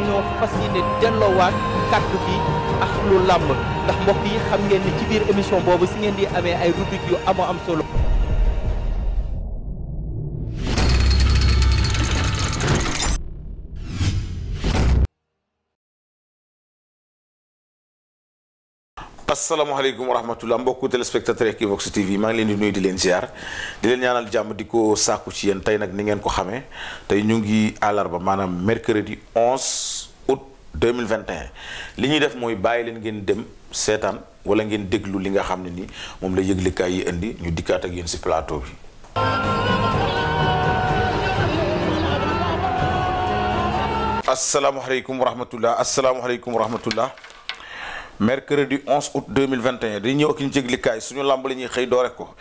dañoo fas yéene delloowaat kàddu bi ak am solo. asalaamaaleykum wa rahmatullah mbokku téléspectateur Equivox TV maa ngi leen di nuyu di leen ziar di leen ñaanal jàmm di ko sàkku ci yéen tey nag ni ngeen ko xamee tey ñu ngi àllarba maanaam mercredi 11 2021 li ñuy def mooy bàyyi leen ngeen dem seetaan wala ngeen déglu li nga xam ne ni moom la yëglikaay yi indi ñu dikkaat ak yéen ci plateau bi. asalaamaaleykum wa rahmatulah asalaamaaleykum wa rahmatulah. mercredi 11 août 2021 dañu ñëw ak ñu yëglikaay suñu làmb la ñuy xëy doore ko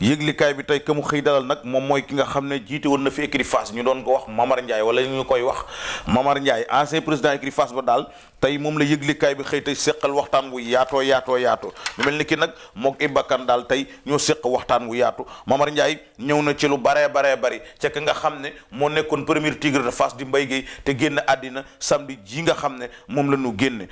yëglikaay bi tey ka xëy dalal nag moom mooy ki nga xam ne jiite woon na fi écurie Fass ñu doon ko wax Mamar Ndiaye wala ñu koy wax Mamar Ndiaye ba daal tey moom la yëglikaay bi xëy tey séqal waxtaan wu yaatoo yaatoo yaatoo ñu mel ni ki nag mook Ibakan daal tey ñoo séq waxtaan wu yaatu Mamar Ndiaye ñëw na ci lu baree baree bari ca ka nga xam ne moo nekkoon premier tigre de Fass di mbay Guèye te génn àddina samedi ji nga xam ne moom la ñu génne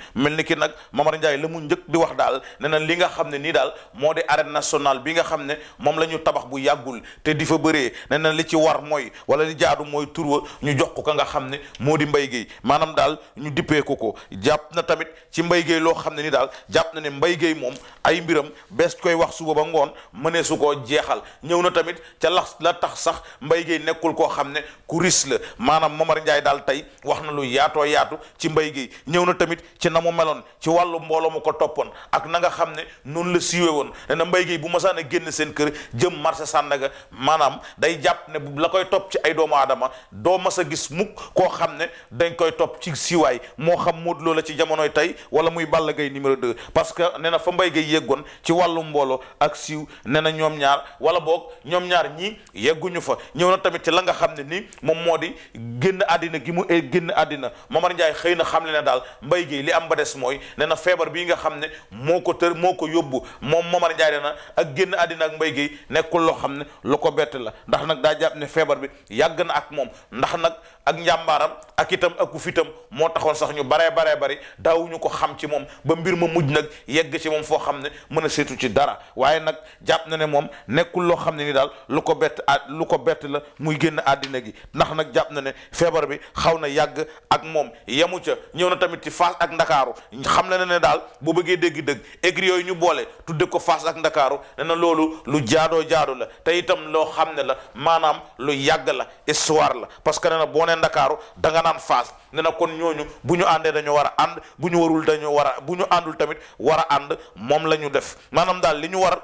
Ndiaye la mu njëkk di wax daal ne li nga xam ne nii daal moo di arène nationale bi nga xam ne moom la ñu tabax bu yàggul te di fa baree ne na li ci war mooy wala li jaadu mooy tur wa ñu jox ko ka nga xam ne moo di Mbaye Guèye maanaam daal ñu dippee ko ko jàpp na tamit ci Mbaye loo xam ne ni daal jàpp na ne Mbaye moom ay mbiram bees koy wax suba ba ngoon mënee su koo jeexal ñëw na tamit ca la la tax sax mbay Guèye nekkul koo xam ne ku ris la maanaam Momar Ndiaye daal tey wax na lu yaatoo yaatu ci mbay Guèye ñëw na tamit ci na mu meloon ci wàllu mbooloo mbooloo mu ko ak na nga xam ne noonu la siiwee woon nee na mbay bu masaan a génn seen kër jëm marché Sandaga maanaam day jàpp ne la koy topp ci ay doomu aadama doo mas a gis mukk koo xam ne dañ koy topp ci siiwaay moo xam Modou Lo la ci jamonoy tey wala muy Balla Gaye numéro 2 parce que nee na fa mbay gi ci wàllu mbooloo ak siiw nee na ñoom ñaar wala boog ñoom ñaar ñii yegguñu fa ñëw na tamit ci la nga xam ne ni moom moo di génn àddina gi mu eh, génn àddina Momar Ndiaye xëy na xam na daal mbay gi li am ba des mooy nee feebar bii nga xam ne moo ko tër moo ko yóbbu moom Momar Ndiaye na ak génn àddina ak Mbaye Guèye nekkul loo xam ne lu ko bett la ndax nag daa jàpp feebar bi yàgg na ak moom ndax nag ak njàmbaaram ak itam ak fitam moo taxoon sax ñu baree baree bari daawuñu ko xam ci moom ba mbir ma mujj nag yegg ci moom foo xam ne mën a seetu ci dara waaye nag jàpp na ne moom nekkul loo xam ne ni daal lu ko bett at lu ko bett la muy génn àddina gi ndax nag jàpp na ne feebar bi xaw na yàgg ak moom yemu ca ñëw na tamit ci Fass ak Ndakaaru xam na ne daal boo bëggee dégg dëgg écuries yooyu ñu boole tuddee ko Fass ak Ndakaaru ne loolu lu jaadoo jaadu la tey itam loo xam ne la maanaam lu yàgg la histoire la parce que na boo nee Ndakaaru da nga naan Fass ne na kon ñooñu bu ñu àndee dañu war a ànd bu ñu warul dañu war a bu ñu àndul tamit war a ànd moom la ñu def maanaam daal li ñu war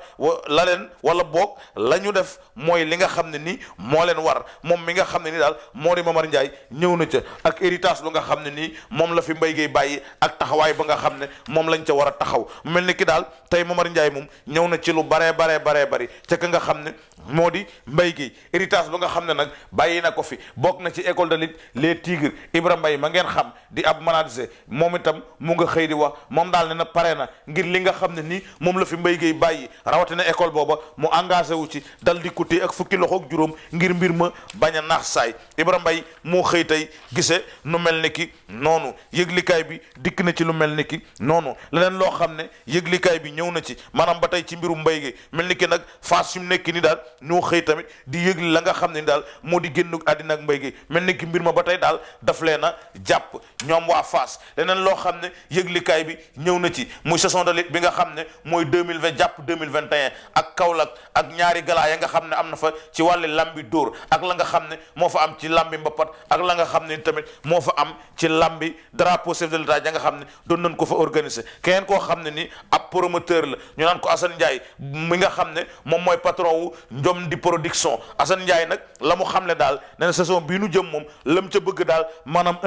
la leen wala boog la ñu def mooy li nga xam ne ni moo leen war moom mi nga xam ne ni daal moo di Mamar Ndiaye ñëw na ca ak héritage lu nga xam ne nii moom la fi mbay Guèye bàyyi ak taxawaay ba nga xam ne moom lañ ca war a taxaw mel ni ki daal tey Mamar Ndiaye moom ñëw na ci lu baree baree baree bari ca ka nga xam ne moo di Mbaye Guèye héritage ba nga xam ne nag bàyyi na ko fi bokk na ci école de lutte les Tigres mbay Mbaye ma ngeen xam di ab manager moom itam mu nga xëy di wax moom daal ne na pare na ngir li nga xam ne nii moom la fi Mbaye Guèye bàyyi rawatina école booba mu engagé wu ci dal di côté ak fukki loxoog juróom ngir mbir ma bañ a naax saay Ibra mbay moo xëy tey gise nu mel ni ki noonu yëglikaay bi dikk na ci lu mel ni ki noonu leneen loo xam ne yëglikaay bi ñëw na ci maanaam ba tey ci mbirum mbay gi mel ni ki nag fas phase yu nekk nii daal ñoo xëy tamit di yëgli la nga xam ne daal moo di génn àddina ak Mbaye mel ni ki mbir ma ba tey daal daf lee na jàpp ñoom waa Fass leneen loo xam ne yëglikaay bi ñëw na ci muy saison de lutte bi nga xam ne mooy deux mille vingt jàpp deux mille vingt et un ak Kaolack ak ñaari galaa ya nga xam ne am na fa ci wàllu lambi dóor ak la nga xam ne moo fa am ci lambi mbapat ak la nga xam ne tamit moo fa am ci lambi drapeau chef de l'état ya nga xam ne doon nañ ko fa organiser keneen koo xam ne ni ab promoteur la ñu naan ko Assane Ndiaye mi nga xam ne moom mooy patron wu njom di production Assane Ndiaye nag la mu xam ne daal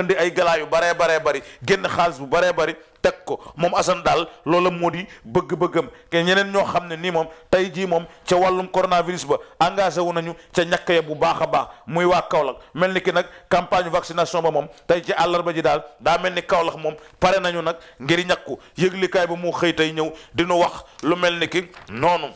indi ay galaa yu baree baree bari génn xaalis bu baree bari teg ko moom Assane daal loola moo di bëgg-bëggam ke ñeneen ñoo xam ne nii moom tey jii moom ca wàllum coronavirus ba engagé wu nañu ca ñàkk ya bu baax a baax muy waa Kaolack mel ni ki nag campagne vaccination ba moom tey ci àllarba ji daal daa mel ni Kaolack moom pare nañu nag ngir ñàkku yëglikaay ba mu xëy tey ñëw dina wax lu mel ni ki noonu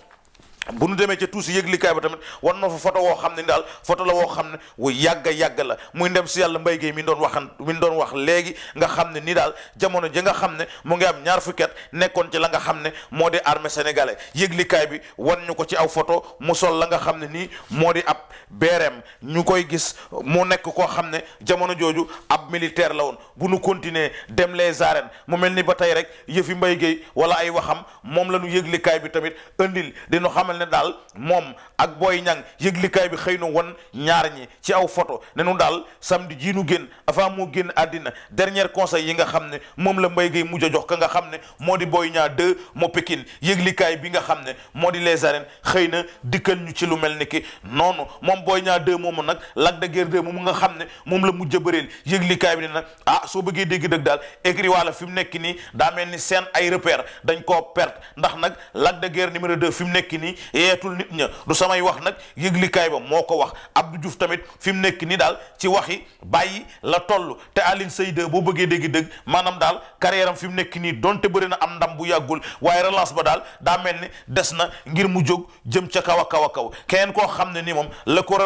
bu nu demee ca tuusi yëglikaay ba tamit war na fa photo woo xam ne daal photo la woo xam ne wu yàgga yàgg la muy dem si yàlla mbay géey mi doon waxan mi doon wax léegi nga xam ne nii daal jamono ji nga xam ne mu ngi am ñaar fukki nekkoon ci la nga xam ne moo di armée sénégalais yëglikaay bi wan ñu ko ci aw photo mu sol la nga xam ne nii moo di ab beereem ñu koy gis mu nekk koo xam ne jamono jooju ab militaire la woon bu nu continuer dem les arènes mu mel ni ba tey rek yëfi mbay géey wala ay waxam moom la ñu yëglikaay bi tamit andil dinu xamal xamal ne daal moom ak Boy Niang yëglikaay bi xëy na won ñaar ñi ci aw photo ne nu daal samedi jii nu génn avant moo génn àddina dernier conseil yi nga xam ne moom la mbay Gueye mujj a jox ka nga xam ne moo di Boy Niang 2 moo Pikine yëglikaay bi nga xam ne moo di les arènes xëy na dikkal ñu ci lu mel ni ki noonu moom Boy Niang 2 moomu nag Lac de Guiers 2 moomu nga xam ne moom la mujj a bëreel yëglikaay bi ne nag ah soo bëggee dégg dëgg daal écrit walla fi mu nekk nii daa ni seen ay repère dañ koo perte ndax nag Lac mu nekk yeetul nit ña du samay wax nag yëglikaay ba moo ko wax Abdou Diouf tamit fi mu nekk nii daal ci waxi bàyyi la toll te Alioune Seye boo bëggee dégg dëgg maanaam daal carrière am fi mu nekk nii donte bëri na am ndam bu yàggul waaye relance ba daal daa mel ni des na ngir mu jóg jëm ca kaw a kaw kaw keneen koo xam ne ni moom la ko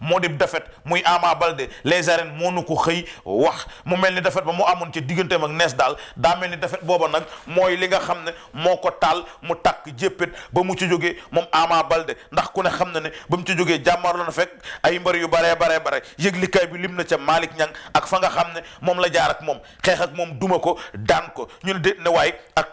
moo di defet muy Ama Baldé les arènes moo nu ko xëy wax mu mel ni defet ba mu amoon ca digganteem ak nees daal daa mel ni defet booba nag mooy li nga xam ne moo ko taal mu takk jéppét ba mu ci jógee moom Ama Balde ndax ku ne xam na ne ba mu ci jógee jàmmarloo na fekk ay mbër yu baree baree bare yëglikaay bi lim na ca Malick Niang ak fa nga xam ne moom la jaar ak ak moom duma ko daan ko ñu ne déet ne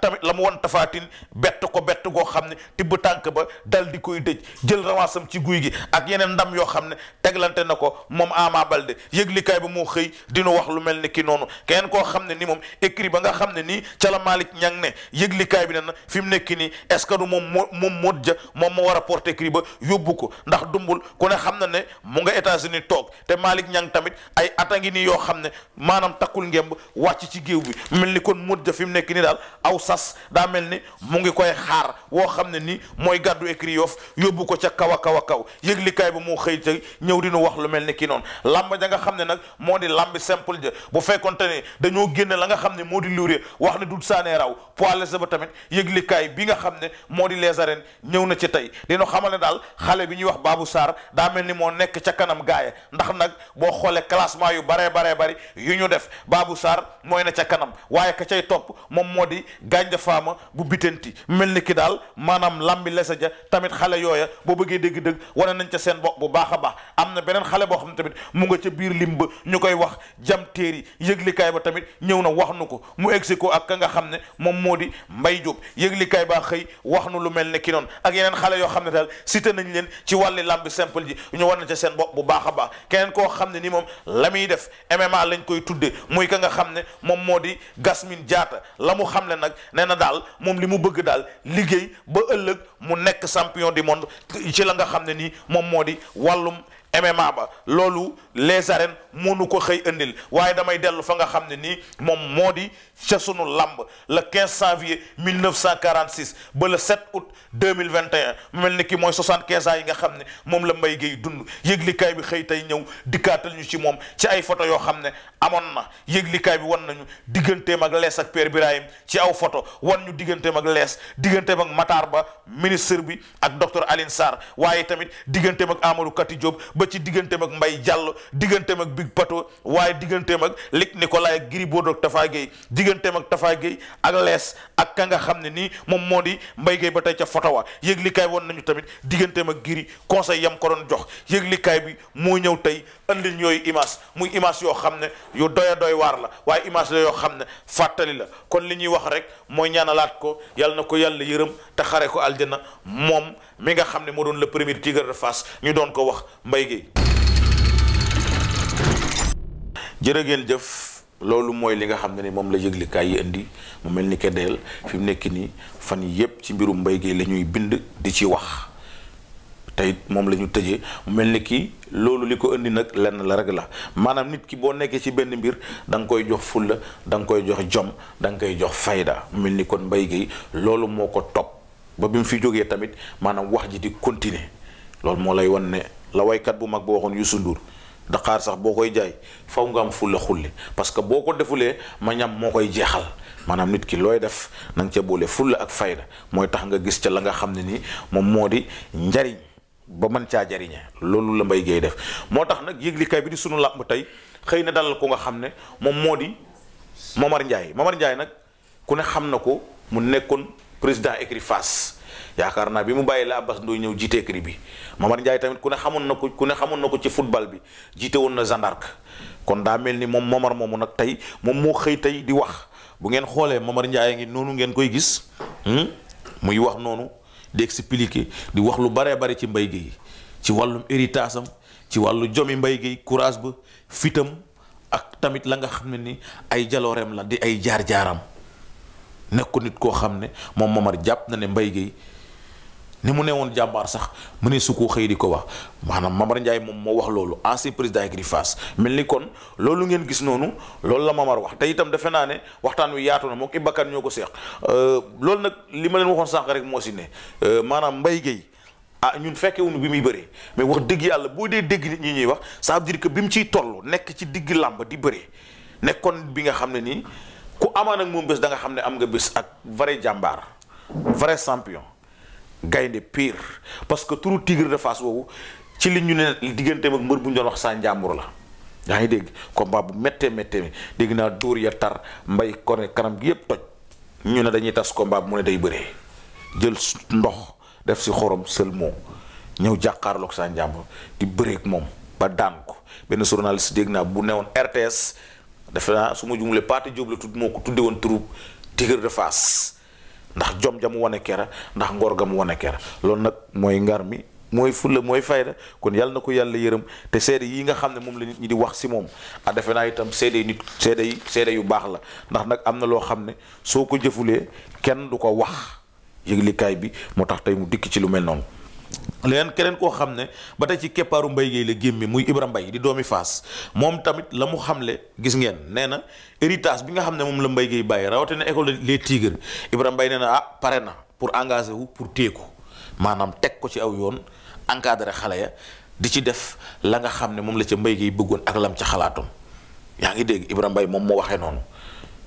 tamit la mu won tafaatin bett ko bett goo xam ne tibb tànk ba dal di koy dëj jël rawansam ci guy gi ak yeneen ndam yoo xam ne teglante na ko moom Ama Balde yëglikaay bi moo xëy dinu wax lu mel ni ki noonu keneen koo xam ne ni moom écrit ba nga xam ne nii ca la Malick Niang ne yëglikaay bi ne na fi mu nekk nii est-ce que du moom moo moom Modou Dia moom moo war a porter cri ba yóbbu ko ndax dumbul ku ne xam na ne mu nga États-Unis toog te Malick Niang tamit ay ata ngi nii yoo xam ne maanaam takkul ngemb wàcc ci géew bi mel ni kon mut ja fi mu nekk nii daal aw sas daa mel ni mu ngi koy xaar woo xam ne ni mooy gàddu écrit yoof yóbbu ko ca kaw a kaw a kaw yëglikaay ba moo xëy tey ñëw di nu wax lu mel ni ki noonu lamb ja nga xam ne nag moo di lambi simple ja bu fekkonte ne dañoo génne la nga xam ne moo di luuree wax ne dul saanee raw poids ba la ci tey dinu xamal ne daal xale bi ñuy wax baabu Sarr daa mel ni moo nekk ca kanam gaaya ndax nag boo xoolee classement yu baree baree bari yu ñu def baabu saar mooy na ca kanam waaye ka cay topp moom moo di gànja faama bu bitanti mel ni ki daal maanaam lambi lesa ja tamit xale yooya boo bëggee dégg-dëgg wane nañ ca seen bopp bu baax a baax am na beneen xale boo xam ne tamit mu nga ca biir lim ba ñu koy wax jam téeri yëglikaay ba tamit ñëw na wax nu ko mu egsi ko ak nga xam ne moom moo di mbay jóob lu mel ne yeneen xale yoo xam ne daal cité nañ leen ci wàlli lamb simple ji ñu war na ca seen bopp bu baax a baax keneen koo xam ne ni moom la muy def MMA lañ koy tudde muy ka nga xam ne moom moo di Gasmin jaata la mu xam ne nag nee na daal moom li mu bëgg daal liggéey ba ëllëg mu nekk champion du monde ci la nga xam ne nii moom moo di wàllum MMA ba loolu les arènes nu ko xëy indil waaye damay dellu fa nga xam ne nii moom moo di ca sunu lamb le 15 janvier 1946 ba le 7 août 2021 mu mel ni kii mooy 75 ans yi nga xam ne moom la Mbaye Guèye dund yëglikaay bi xëy tey ñëw dikkaatal ñu ci moom ci ay photo yoo xam ne amoon na yëglikaay bi wan nañu digganteem ak lees ak Père Birahim ci aw photo wan ñu digganteem ak lees digganteem ak Matar Ba ministre bi ak docteur Aline Sarr waaye tamit digganteem ak Amadou Kati Diop ba ci digganteem ak mbay jàll digganteem ak Big Pato waaye digganteem ak Luc Nicolaï ak Gris Bordeaux ak Tafa Gueye digganteem ak Tafa Gueye ak lees ak ka nga xam ne nii moom moo di Mbaye Gueye ba tey ca photo wa yëglikaay woon nañu tamit digganteem ak Gris conseil yam ko doon jox yëglikaay bi moo ñëw tey andil yooyu image muy image yoo xam ne yu doy doy waar la waaye image la yoo xam ne fàttali la kon li ñuy wax rek mooy ñaanalaat ko yal na ko yàlla yërëm te xare ko aljana moom mi nga xam ne moo doon le tigre de Fass ñu doon ko wax Mbaye Guèye jëf loolu mooy li nga xam ne moom la yëglikaay yi indi mu mel ni ke deel fi mu nekk nii fan yépp ci mbirum mbay Guèye lañuy bind di ci wax tey moom la ñu tëjee mel ni kii loolu li ko indi nag lenn la rek la maanaam nit ki boo nekkee ci benn mbir danga koy jox fulla danga koy jox jom da nga koy jox fayda mel ni kon Mbaye Guèye loolu moo ko topp ba bi mu jógee tamit maanaam wax ji di continuer loolu moo lay wan ne la waykat bu mag ba waxoon Youssou Ndour sax boo koy jaay faw nga am fulla xulli parce que boo ko defulee ma ñam moo koy jeexal maanaam nit ki looy def na nga ca boole fulla ak fayda mooy tax nga gis ca la nga xam ne ni moom moo di njariñ ba mën caa jariñe loolu la mbay Guèye def moo tax nag yëglikaay bi di sunu làmb tey xëy na dalal ko nga xam ne moom moo di Momar Ndiaye Momar njaay nag ku ne xam na ko mu nekkoon président écurie Fass yaakaar naa bi mu bàyyi la Abbas Ndoye ñëw jiite écurie bi Momar Ndiaye tamit ku ne xamoon na ko ku ne xamoon na ko ci football bi jiite woon na gendarme kon daa mel ni moom Momar moomu nag tey moom moo xëy tey di wax bu ngeen xoolee Momar Ndiaye ngi noonu ngeen koy gis hmm? muy wax noonu. di expliquer di wax lu baree bari ci mbay géey ci wàllum héritage am ci wàllu jomi mbay géey courage ba fitam ak tamit la nga xam ne ni ay jalooreem la di ay jaar-jaaram nekku nit koo xam ne moom Momar jàpp na ne mbay géey ni mu woon jàmbaar sax mu ne su ko xëy di ko wax maanaam Mamar Ndiaye moom moo wax loolu ancien président écurie Fass mel ni kon loolu ngeen gis noonu loolu la Mamar wax te itam defe naa ne waxtaan wi yaatu na moom Iba ñoo ko seex euh, loolu nag li ma leen waxoon sànq rek moo si ne euh, maanaam Mbaye Guèye ah ñun fekkewuñu bi muy bëree mais wax dëgg yàlla boo dee dégg nit ñi ñuy wax ça veut que bi mu ciy toll nekk ci digg làmb di bëree nekkoon bi nga xam ne nii ku amaan ak moom bés da nga xam ne am nga bés ak vrai jàmbaar vrai champion. gaynde pire parce que turu Tigre de Fass woowu ci li ñu ne digganteem ak mbër bu ñu doon wax saa njàmbur la yaa ngi dégg combat bu méttee méttee mi dégg naa dóor ya tar mbay kone kanam gi yépp toj ñu ne dañuy tas combat bu mu ne day bëree jël ndox def si xorom sël moo ñëw jàkkaarloog saa njàmbur di bëreeg moom ba daan ko benn journaliste dégg naa bu newoon RTS defe naa su ma jumlee Pathé Diop la tudd moo ko tudde woon turu Tigre de Fass ndax jom ja wane kera ndax ngor ga mu wane kera loolu nag mooy ngar mi mooy fulla mooy fayda kon yàlla na ko yàlla yërëm te seede yi nga xam ne moom la nit ñi di wax si moom a ah, defe naa itam seede nit seede yi seede yu baax la ndax nag am na loo xam ne soo ko jëfulee kenn du ko wax yëglikaay bi moo tax tey mu dikk ci lu mel noonu leneen keneen koo xam ne ba tey ci keppaaru mbay géey la gémmi muy Ibra Mbay di doomi Faas moom tamit la mu xamle gis ngeen nee na héritage bi nga xam ne moom la mbay géey bàyyi rawatina école les Tigres Ibra Mbay nee na ah pare na pour engagé wu pour téeku maanaam teg ko ci aw yoon encadré xale ya di ci def la nga xam ne moom la ca mbay géey bëggoon ak lam ca xalaatoon yaa ngi dégg Ibra Mbay moom moo waxee noonu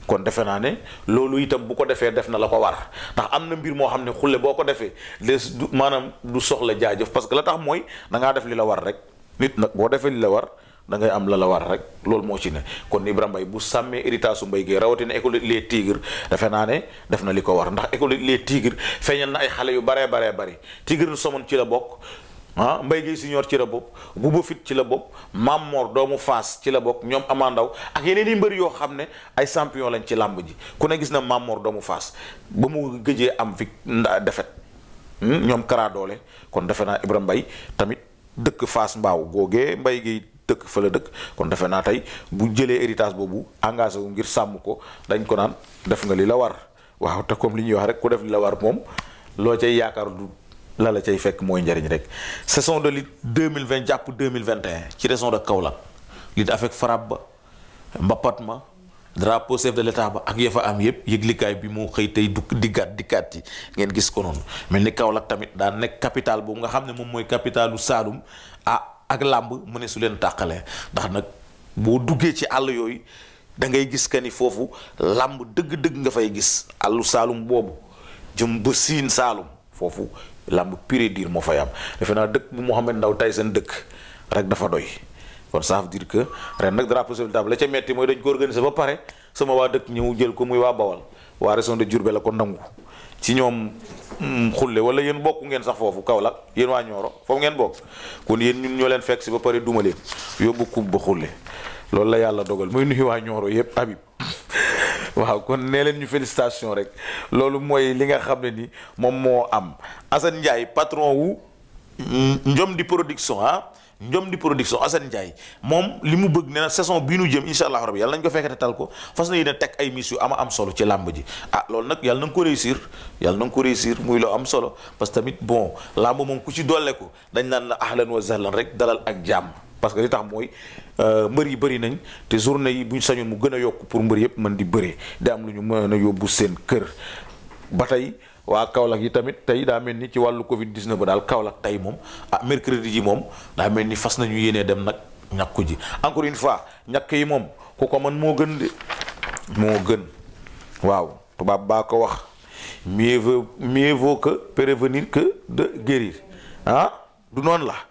kon defe naa ne loolu itam bu ko defee def na la ko war ndax am na mbir moo xam ne xulle boo ko defee des du maanaam du soxla jaajëf parce que la tax mooy da def li la war rek nit nag boo defee li la war da ngay am la la war rek loolu moo ci ne kon Ibrahima Mbaye bu sàmmee héritage mbay gi rawatina école les tigres defe naa ne def na li ko war ndax école les tigres feeñal na ay xale yu baree baree bari tigre nu somoon ci la bokk ah Mbaye Guèye Junior ci la bopp Bouba Fit ci la bopp Mam Mor doomu Faas ci la bokk ñoom amandaw ak yeneen yi mbër yoo xam ne ay champion lañ ci làmb ji ku ne gis na Mam doomu Faas ba mu gëjee am fi defet hmm? ñoom Kara Doole kon defe naa Ibrahima mbay tamit dëkk Faas Mbaaw googee mbay Guèye dëkk fa la dëkk kon defe naa tey bu jëlee héritage boobu engagé wu ngir sàmm ko dañ ko naan def nga li la war waaw te comme li ñuy wax rek ku def li la war moom loo cay yaakaar du. la la cay fekk mooy njariñ rek saison de lutte 2020 jàpp 2021 ci région de Kaolack lutte avec frappe ba mbapat ma drapeau chef de l'état ba ak ya am yëpp yëglikaay bi moo xëy tey du diggaat dikkaat yi ngeen gis ko noonu mel ni Kaolack tamit daa nekk capital boobu nga xam ne moom mooy capitalu Saalum ah ak làmb mu ne su leen tàqalee ndax nag boo duggee ci àll yooyu da ngay gis que ni foofu làmb dëgg-dëgg nga fay gis àllu Saalum boobu jëm ba siin Saalum foofu làmb pure dire moo fay am defe naa dëkk bu Mouhamed ndaw tay seen dëkk rek dafa doy kon ça veut dire que ren nag drapeau la ca metti mooy dañ ko organiser ba pare sama waa dëkk ñëw jël ko muy waa Bawal waa région de Diourbel la ko nangu ci ñoom xulle mm, wala yéen bokk ngeen sax foofu kaw Kaolack yéen waa Nioro foofu ngeen bokk kon yéen ñun ñoo leen fekk si ba pare duma leen yóbbu kub ba xule loolu la yàlla dogal muy nuyu waa Nioro yëpp Habib waaw kon nee leen ñu félicitation rek loolu mooy li nga xam ne ni moom moo am Assane Ndiaye patron wu Njom di production ah Njom di production Assane Ndiaye moom li mu bëgg nee na saison bii nu jëm incha allah rabi yàlla nañ ko fekkete tal ko fas na yéene teg ay miss yu ama am solo ci làmb ji ah lool nag yàlla na nga ko réussir yàlla na nga ko réussir muy loo am solo parce que tamit bon làmb moom ku ci dolle ko dañ naan la ahlan wa sahlan rek dalal ak jàmm. parce que li tax mooy euh, mbër yi bëri nañ te journée yi buñ ñu mu gën a yokk pour mbër yëpp man di bëree da am lu ñu mën a yóbbu seen kër ba tey waa Kaolack yi tamit tey daa mel ni ci wàllu Covid 19 ba daal Kaolack tey moom ah mercredi ji moom daa mel ni fas nañu yéenee dem nag ñàkku ji encore une fois ñàkk yi moom ku ko man moo gën de moo gën waaw tubaab baa ko wax mieux vaut mieux vaut que prévenir que de guérir ah du noonu la.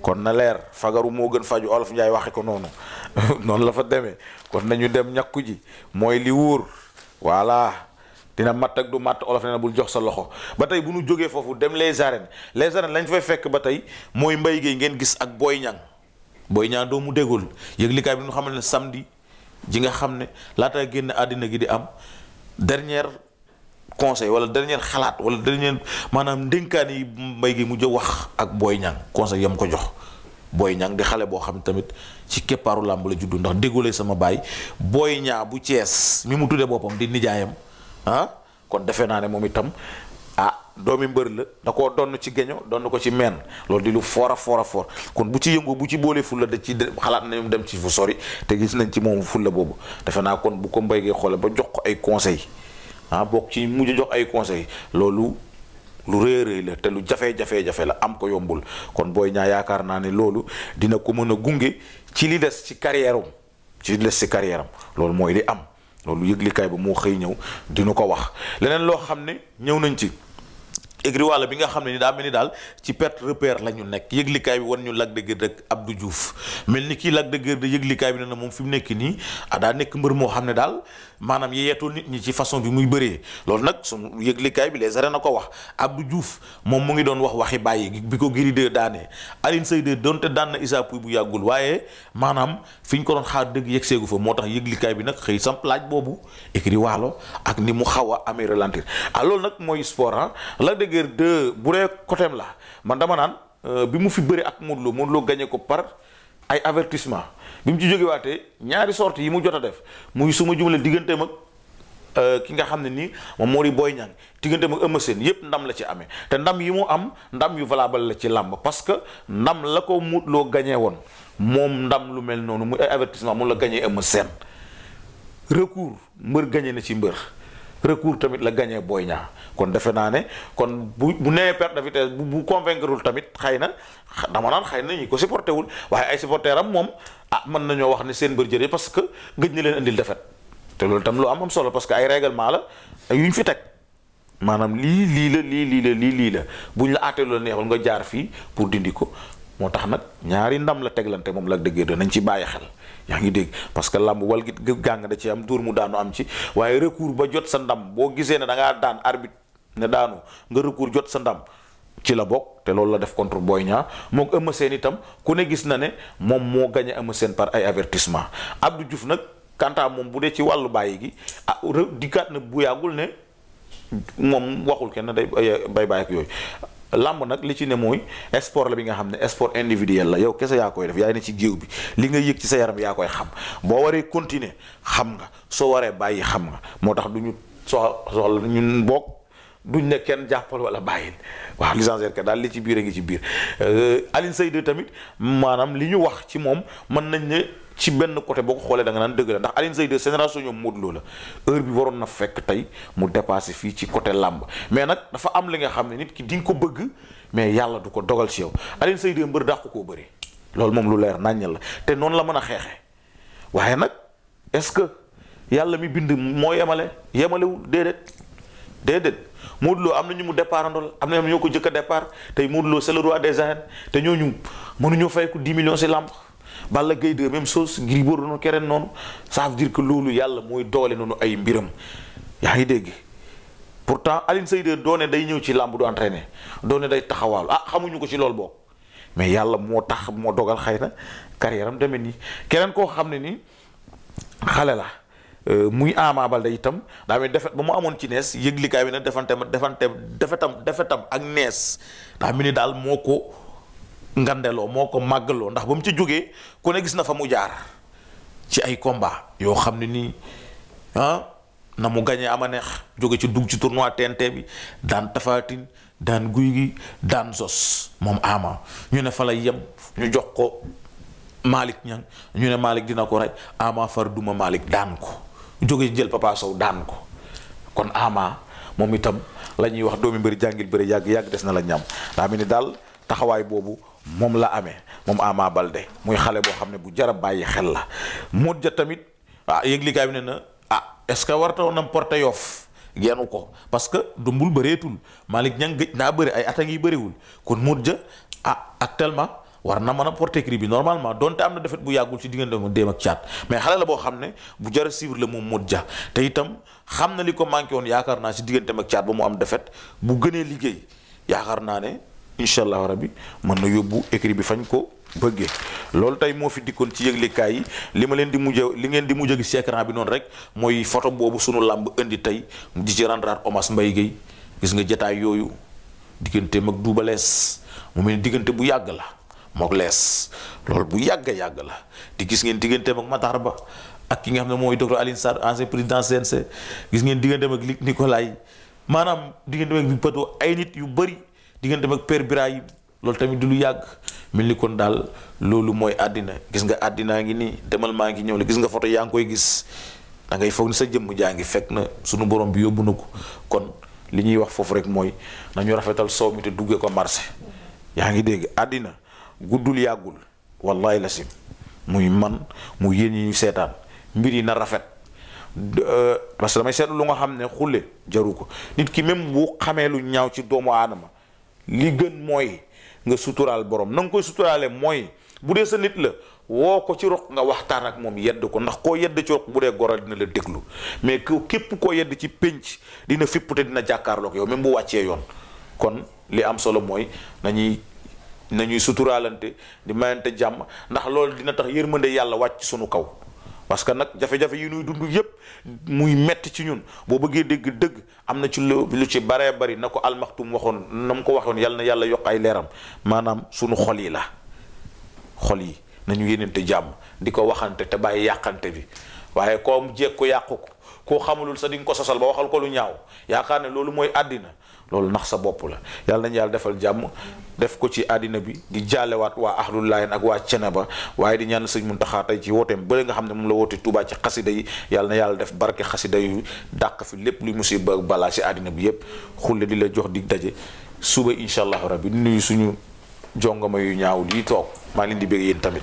kon na leer fagaru moo gën faju olof Njaay waxe ko noonu noonu la fa demee kon nañu dem ñakku ji mooy li wóor voilà dina matt ak du matt olof nee na bul jox sa loxo ba tey bu nu jógee foofu dem les arènes les arènes lañ fay fekk ba tey mooy mbay géey ngeen gis ak Boy Niang Boy Niang doomu déggul yëglikaay bi nu xamal ne samedi ji nga xam ne laata génn àddina gi di am dernière conseil wala dernier xalaat wala dernier maanaam ndénkaan yi Mbaye Guèye mujj wax ak Boy Niang conseil yam ko jox booy Niang di xale boo xam tamit ci keppaaru làmb la juddu ndax déggoolee sama baay booy ñaa bu Cees mi mu tuddee boppam di nijaayam ah kon defe naa ne moom itam ah doomi mbër la da koo donn ci geño donn ko ci meen loolu di lu foor a fort a foor kon bu ci yëngu bu ci boolee fulla da ci xalaat nañu dem ci fu sori te gis nañ ci moom fulla boobu defe naa kon bu ko Mbaye xoolee ba jox ko ay conseil ah bokk ci mujj jox ay conseil loolu lu rëy rëy la te lu jafe-jafe jafe la am ko yombul kon booy ñaa yaakaar naa ne loolu dina ko mën a gunge ci li des ci carrière am ci li des ci carrière loolu mooy li am loolu yëglikaay ba mu xëy ñëw dina ko wax leneen loo xam ne ñëw nañ ci. égri wàlla bi nga xam ne ni daa mel ni daal ci perte repère la ñu nekk yëglikaay bi wan ñu Lac de Guiers rek Abdou Diouf mel ni kii Lac de Guiers de yëglikaay bi ne na moom fi mu nekk nii ah daa mbër moo xam ne daal maanaam yeyeetul nit ñi ci façon bi muy bëree loolu nag suñu yëglikaay bi les arènes na ko wax Abdou Diouf moom mu ngi doon wax waxi bàyyi bi ko Gris 2 daanee Alioune Seye donte daan na Issa bu yàggul waaye maanaam fi ñu ko doon xaar dëgg yegg seegu fa moo tax yëglikaay bi nag xëy samp laaj boobu égri waalo ak ni mu xaw a amee ralentir ah loolu nag mooy sport ah Guerre 2 bu dee côté la man dama naan euh, bi mu fi bëri ak Modou Lo Modou Lo ko par ay avertissement bi mu ci jógewaatee ñaari sorties yi mu jot a def muy suma jumla diggante mag euh, ki nga xam ne ni moom moo booy Boy Niang diggante mag Eumeu Sène yépp ndam la ci amee te ndam yi mu am ndam yu valable la ci làmb parce que ndam la ko Modou Lo gagné woon moom ndam lu mel noonu muy ay avertissement mu la gagné Eumeu Sène recours mbër gagné na ci mbër recours tamit la gagné Boy ñaa kon defe naa ne kon bu bu nee per de vitesse bu bu convaincreul tamit xëy na dama naan xëy na ñi ko supporté wul waaye ay supporter am moom ah mën nañoo wax ne seen mbër jëre parce que gëj na leen indil defet te loolu tam lu am am solo parce que ay réglement la yu ñu fi teg maanaam lii lii la lii lii la lii lii la buñ la aatee lu la neexul nga jaar fii pour dindi ko moo tax nag ñaari ndam la teglante moom Lac de da nañ ci bàyyi xel yaa ngi dégg parce que làmb wal gi gàng da ci am dóor mu daanu am ci waaye recours ba jot sa ndam boo gisee ne da daan arbitre ne daanu nga recours jot sa ndam ci la bokk te loolu la def contre booy ñaar moom Eumeu seen itam ku ne gis na ne moom moo gagné Eumeu seen par ay avertissement Abdou Diouf nag Kanta moom bu dee ci wàllu bàyyi gi ah dikkaat na bu yàggul ne moom waxul kenn day bay yooyu. làmb nag li ci ne mooy sport la bi nga xam ne sport individuel la yow kese yaa koy def yaay ne ci géew bi li nga yëg ci sa yaram yaa koy xam boo waree continuer xam nga soo waree bàyyi xam nga moo tax du ñu soxla soxla ñun bokk duñ ne kenn jàppal wala bàyyil waaw licencié ka daal li ci biir a ngi ci biir euh, Alioune Seye tamit maanaam li ñu wax ci moom mën nañ ne. ci benn côté boo ko xoolee danga naan dëgg la ndax Alioune Seye de génération ñoom Modou la heure bi waroon na fekk tey mu dépassé fii ci côté làmb mais nag dafa am li nga xam ne nit ki di ko bëgg mais yàlla du ko dogal ci yow Alioune Seye de mbër dàq koo bëri loolu moom lu leer naññ la te noonu la mën a xeexee waaye nag est-ce que yàlla mi bind moo yemale yemalewul déedéet déedéet Modou Lo am na ñu mu départ andool am na ñoo ko jëkk a départ tey Modou Lo le roi des arènes te ñooñu mënuñoo fay ko 10 si làmb Balla Gaye 2 même chose Gris Bordeaux noonu keneen noonu ça veut dire loolu yàlla mooy doole noonu ay mbiram yaa ngi dégg pourtant Alioune Seye 2 doone day ñëw ci làmb du entraîné doone day taxawaalu ah xamuñu ko ci lool bokk mais yàlla moo tax moo dogal xëy na carrière am nii keneen koo xam ne nii xale la euh, muy Ama Baldé itam daa mel defet ba mu amoon ci nees yëglikaay bi nag defante defante defetam defetam ak nees daa mel ni daal moo ko ngandeloo moo ko màggaloo ndax ba mu ci jógee ku ne gis na fa mu jaar ci ay combat yoo xam ne nii ah na mu gañee ama neex jóge ci dugg ci tournoi TNT bi daan tafaatin daan guy gi daan sos moom ama ñu ne fa la yem ñu jox ko Malick ñang ñu ne Malick dina ko rey ama far duma Malick daan ko jóge jël Papa Sow daan ko kon ama moom itam la ñuy wax doomi mbëri jàngil bëri yàgg yàgg des na la ñam daa mel ni daal taxawaay boobu moom la amee moom Ama Balde muy xale boo xam ne bu jara bàyyi xel la Modou Dia tamit ah yëglikaay bi ne na ah est-ce que wartawoon nam porte Yoff geenu ko parce que dumbul bëreetul Malick Niang gëj naa bëri ay attaques yi bëriwul kon Modou Dia ah actuellement war na mën a porter bi normalement donte am na defet bu yàggul ci diggante mu déem ak caat mais xale la boo ne bu jar a la moom Modou ja te itam xam na li ko manqué woon yaakaar naa si digganteem ak caat ba mu am defet bu gënee liggéey yaakaar naa ne incha allah rabbi mën na yóbbu écrit bi fañ ko bëggee loolu tey moo fi dikkoon ci yëglekaay yi li ma leen di mujj li ngeen di mujj gi ci bi noonu rek mooy photo boobu sunu làmb indi tey di ci rendre hommage Mbaye Guèye gis nga jataay yooyu diggante mag duuba mu mel diggante bu yàgg la moog lees loolu bu yàgg yàgg la di gis ngeen diggante mag Matar Ba ak ki nga xam ne mooy docteur Alioune Sarr ancien président CNC gis ngeen diggante diggante ak Père Birahim loolu tamit du lu yàgg mel ni kon daal loolu mooy àddina gis nga àddinaa ngi nii demal maa ngi ñëw la gis nga foto yaa ngi koy gis da foog ni sa jëmm jaa ngi fekk na sunu borom bi yóbbu na ko kon li ñuy wax foofu rek mooy nañu rafetal soow mi te duggee ko marché yaa ngi dégg àddina guddul yàggul wallahi lasim muy man mu yéen ñi ñu seetaan mbir yi na rafet euh, parce que damay seetlu lu nga xam ne xulle jaru ko nit ki même bu xamee lu ñaaw ci doomu aadama li gën mooy nga suturaal borom na nga koy suturaale mooy bu dee sa nit la woo ko ci roq nga waxtaan ak moom yedd ko ndax koo yedd ci roq bu dee goro dina la déglu mais ku képp koo yedd ci pénc dina fipp te dina jàkkaarlook yow même bu wàccee yoon kon li am solo mooy nañuy nañuy suturaalante di mayante jàmm ndax loolu dina tax yërmande yàlla wàcc sunu kaw parce que nag jafe-jafe yi ñuy dund yépp muy metti ci ñun boo bëggee dégg dëgg am na ci lu lu ci baree bari na ko almaxtum waxoon na mu ko waxoon yàlla na yàlla yokk ay leeram maanaam sunu xol yi la xol yi nañu yénente jàmm di ko waxante te bàyyi yàqante bi waaye koom jeeg ko yàqu ko koo xamulul sa di nga ko sosal ba waxal ko lu ñaaw yaakaar ne loolu mooy àddina loolu nax sa bopp la yàlla nañu yàlla defal jàmm def ko ci àddina bi di jaalewaat waa ahlul laayen ak waa cene ba waaye di ñaan sëñ Muntaxa tey ci wooteem bële nga xam ne moom la woote Tuubaa ci xasida yi yàlla na yàlla def barke xasida yu dàq fi lépp luy musiba ba balaa si àddina bi yépp xulle di la jox dig daje suba incha allahu rabbi nuyu suñu jongama yu ñaaw lii toog maa ngi leen di bëgg yéen tamit